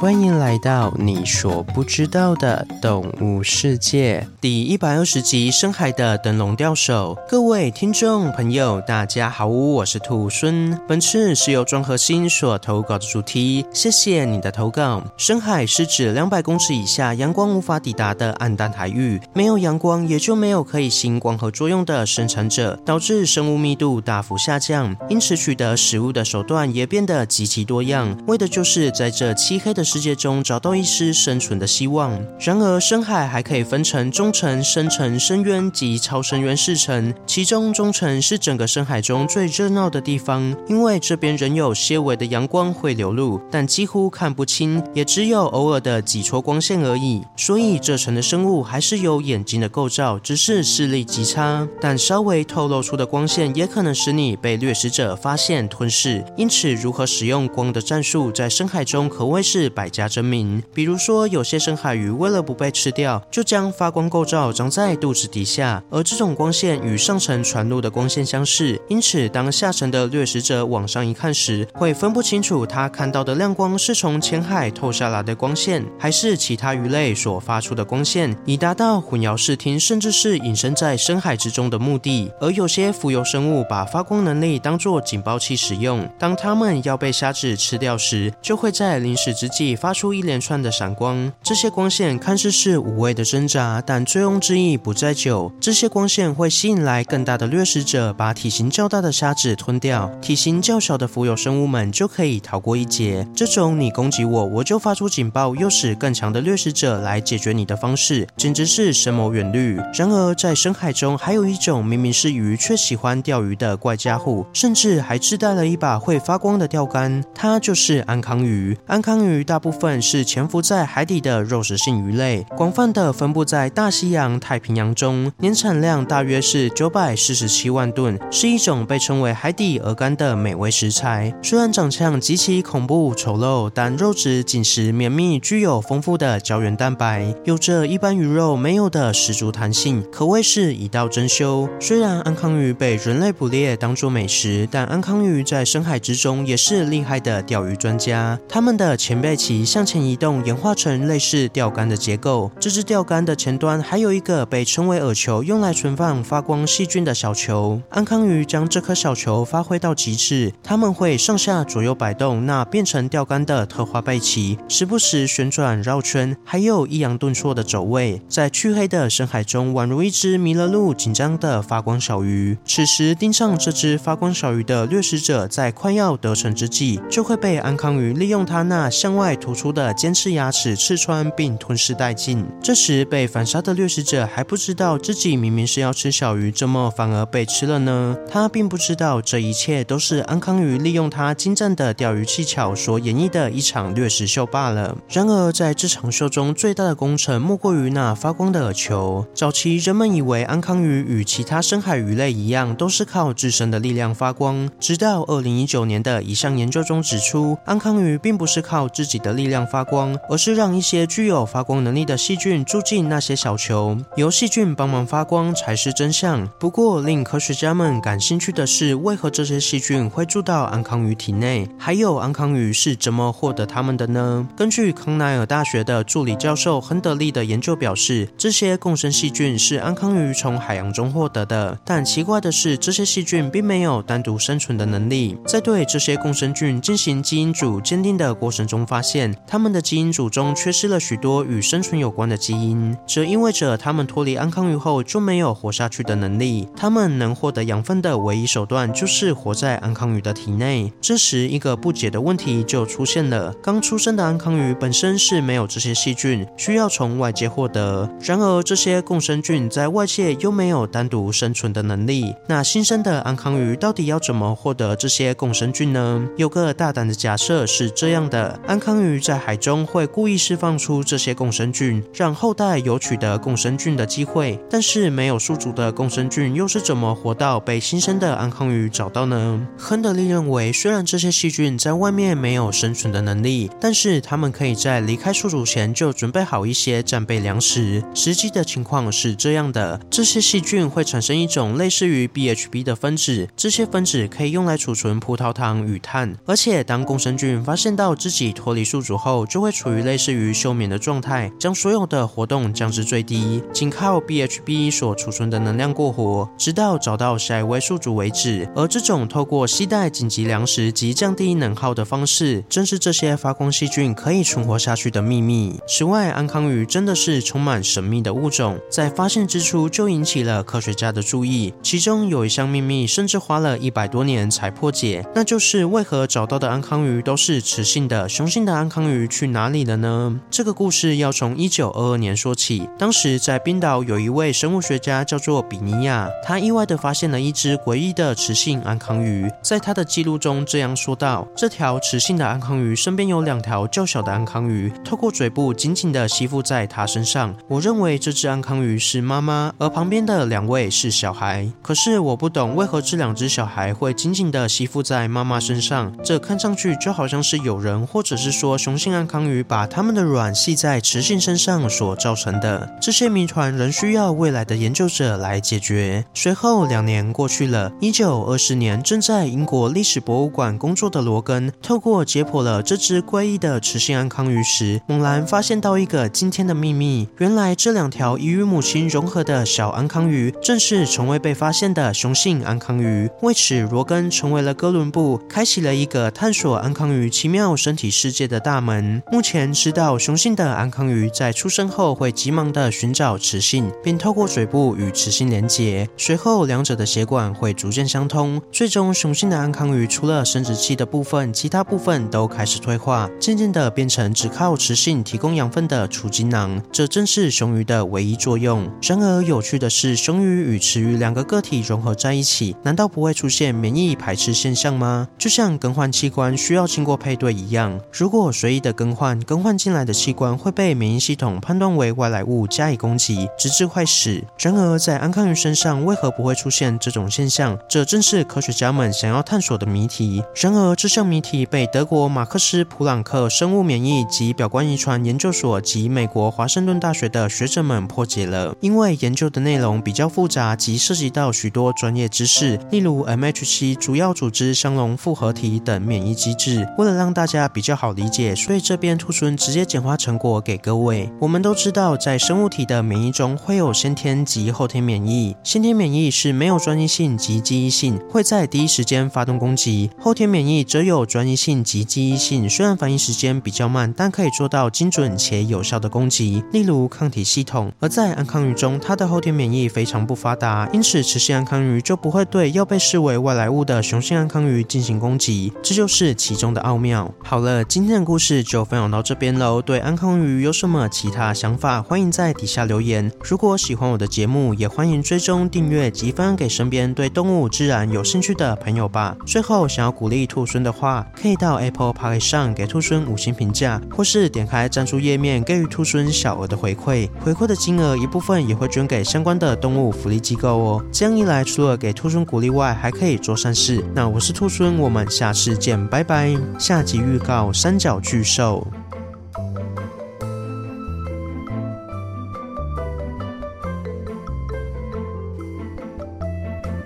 歡迎來到你所不知道的動物世界第一百二十集：深海的燈籠釣手。各位聽眾朋友，大家好，我是兔猻。本次是由莊和新所投稿的主題，謝謝你的投稿。深海是指兩百公尺以下陽光無法抵達的暗淡海域，沒有陽光也就沒有可以進行光合作用的生產者，導致生物密度大幅下降，因此取得食物的手段也變得極其多樣，為的就是在這漆黑的世界中找到一絲生存的希望。然而，深海還可以分成中層、深層、深淵及超深淵四層。其中，中層是整個深海中最熱鬧的地方，因為這邊仍有些微的陽光會流露，但幾乎看不清，也只有偶爾的幾撮光線而已。所以，這層的生物還是有眼睛的構造，只是視力極差。但稍微透露出的光線，也可能使你被掠食者發現、吞噬。因此，如何使用光的戰術在深海中，可謂是。百家爭鳴，比如說，有些深海魚為了不被吃掉，就將發光構造長在肚子底下，而這種光線與上層傳入的光線相似，因此當下層的掠食者往上一看時，會分不清楚它看到的亮光是從淺海透下來的光線，還是其他魚類所發出的光線，以達到混淆視聽，甚至是隱身在深海之中的目的。而有些浮游生物把發光能力當作警報器使用，當它們要被蝦子吃掉時，就會在臨死之際，發出一連串的閃光，這些光線看似是無謂的掙扎，但醉翁之意不在酒。這些光線會吸引來更大的掠食者，把體型較大的蝦子吞掉，體型較小的浮游生物們就可以逃過一劫。這種你攻擊我，我就發出警報，誘使更強的掠食者來解決你的方式，簡直是深謀遠慮。然而，在深海中還有一種明明是魚卻喜歡釣魚的怪家伙，甚至還自帶了一把會發光的釣竿，它就是鮟鱇魚。鮟鱇魚大。部分是潛伏在海底的肉食性魚類，廣泛的分布在大西洋、太平洋中，年產量大約是九百四十七萬噸，是一種被稱為海底鵝肝的美味食材。雖然長相極其恐怖醜陋，但肉質緊實綿密，具有豐富的膠原蛋白，有着一般魚肉沒有的十足彈性，可謂是一道珍饈。雖然鮟鱇魚被人類捕獵當做美食，但鮟鱇魚在深海之中也是厲害的釣魚專家。他們的前輩。向前移動，演化成類似釣竿的結構。這隻釣竿的前端還有一個被稱為餌球，用來存放發光細菌的小球。鮟鱇魚將這顆小球發揮到極致，它們會上下左右擺動那變成釣竿的特化背鰭，時不時旋轉繞、繞圈，還有抑揚頓挫的走位，在黢黑的深海中，宛如一隻迷了路、緊張的發光小魚。此時盯上這隻發光小魚的掠食者，在快要得逞之際，就會被鮟鱇魚利用它那向外。突出的尖刺牙齒刺穿並吞噬殆盡。這時被反殺的掠食者還不知道自己明明是要吃小魚，怎麼反而被吃了呢？他並不知道這一切都是鮟鱇魚利用它精湛的釣魚技巧所演繹的一場掠食秀罷了。然而，在這場秀中，最大的功臣莫過於那發光的餌球。早期人們以為鮟鱇魚與其他深海魚類一樣，都是靠自身的力量發光。直到二零一九年的一項研究中指出，鮟鱇魚並不是靠自己。的力量發光，而是讓一些具有發光能力的細菌住進那些小球，由細菌幫忙發光才是真相。不過，令科學家們感興趣的是，為何這些細菌會住到鮟鱇魚體內？還有，鮟鱇魚是怎麼獲得它們的呢？根據康奈爾大學的助理教授亨德利的研究表示，這些共生細菌是鮟鱇魚從海洋中獲得的。但奇怪的是，這些細菌並沒有單獨生存的能力。在對這些共生菌進行基因組鑑定的過程中，發現。他們的基因組中缺失了許多與生存有關的基因，這意味着他們脫離鮟鱇魚後就沒有活下去的能力。他們能獲得養分的唯一手段就是活在鮟鱇魚的體內。這時，一個不解的問題就出現了：剛出生的鮟鱇魚本身是沒有這些細菌，需要從外界獲得。然而，這些共生菌在外界又沒有單獨生存的能力。那新生的鮟鱇魚到底要怎麼獲得這些共生菌呢？有個大膽的假設是這樣的：鮟鱇魚。魚在海中會故意釋放出這些共生菌，讓後代有取得共生菌的機會。但是沒有宿主的共生菌又是怎麼活到被新生的鮟鱇魚找到呢？亨德利認為，雖然這些細菌在外面沒有生存的能力，但是它們可以在離開宿主前就準備好一些戰備糧食。實際的情況是這樣的：這些細菌會產生一種類似於 BHB 的分子，這些分子可以用來儲存葡萄糖與碳。而且當共生菌發現到自己脫離宿主後就會處於類似於休眠的狀態，將所有的活動降至最低，僅靠 BHB 所儲存的能量過活，直到找到下一位宿主為止。而這種透過攜帶緊急糧食及降低能耗的方式，正是這些發光細菌可以存活下去的秘密。此外，鮟鱇魚真的是充滿神秘的物種，在發現之初就引起了科學家的注意。其中有一項秘密，甚至花了一百多年才破解，那就是為何找到的鮟鱇魚都是雌性的，雄性的鮟鱇。鮟鱇魚去哪裡了呢？這個故事要從一九二二年說起。當時在冰島有一位生物學家叫做比尼亞，他意外地發現了一隻詭異的雌性鮟鱇魚。在他的記錄中這樣說道：“這條雌性的鮟鱇魚身邊有兩條較小的鮟鱇魚，透過嘴部緊緊地吸附在他身上。我認為這隻鮟鱇魚是媽媽，而旁邊的兩位是小孩。可是我不懂為何這兩隻小孩會緊緊地吸附在媽媽身上，這看上去就好像是有人，或者是說。”雄性鮟鱇魚把它們的卵繫在雌性身上所造成的這些謎團，仍需要未來的研究者來解決。隨後兩年過去了，一九二四年，正在英國歷史博物館工作的羅根，透過解剖了這隻怪異的雌性鮟鱇魚時，猛然發現到一個驚天的秘密：原來這兩條已與母親融合的小鮟鱇魚，正是從未被發現的雄性鮟鱇魚。為此，羅根成為了哥倫布，開啟了一個探索鮟鱇魚奇妙身體世界的。大門。目前知道雄性的鮟鱇魚在出生後會急忙的尋找雌性，並透過嘴部與雌性連結，隨後兩者的血管會逐漸相通，最終雄性的鮟鱇魚除了生殖器的部分，其他部分都開始退化，漸漸的變成只靠雌性提供養分的儲精囊，這正是雄魚的唯一作用。然而有趣的是，雄魚與雌魚兩個個體融合在一起，難道不會出現免疫排斥現象嗎？就像更換器官需要經過配對一樣，如果若隨意的更換更換進來的器官會被免疫系統判斷為外來物加以攻擊，直至壞死。然而在鮟鱇魚身上為何不會出現這種現象？這正是科學家們想要探索的謎題。然而這項謎題被德國馬克斯普朗克生物免疫及表觀遺傳研究所及美國華盛頓大學的學者們破解了。因為研究的內容比較複雜，及涉及到許多專業知識，例如 MHC 主要組織相容複合體等免疫機制。為了讓大家比較好理解。解，所以這邊兔猻直接簡化成果給各位。我們都知道，在生物體的免疫中會有先天及後天免疫。先天免疫是沒有專一性及記憶性，會在第一時間發動攻擊；後天免疫則有專一性及記憶性，雖然反應時間比較慢，但可以做到精準且有效的攻擊。例如抗體系統。而在鮟鱇魚中，它的後天免疫非常不發達，因此雌性鮟鱇魚就不會對要被視為外來物的雄性鮟鱇魚進行攻擊。這就是其中的奧妙。好了，今天。故事就分享到這邊嘍。對鮟鱇魚有什麼其他想法，歡迎在底下留言。如果喜歡我的節目，也歡迎追蹤訂閱，及分給身邊對動物、自然有興趣的朋友吧。最後，想要鼓勵兔猻的話，可以到 Apple Podcast 上給兔猻五星評價，或是點開贊助頁面給予兔猻小額的回饋。回饋的金額一部分也會捐給相關的動物福利機構哦。這樣一來，除了給兔猻鼓勵外，還可以做善事。那我是兔猻，我們下次見，拜拜。下集預告：三角小巨獸。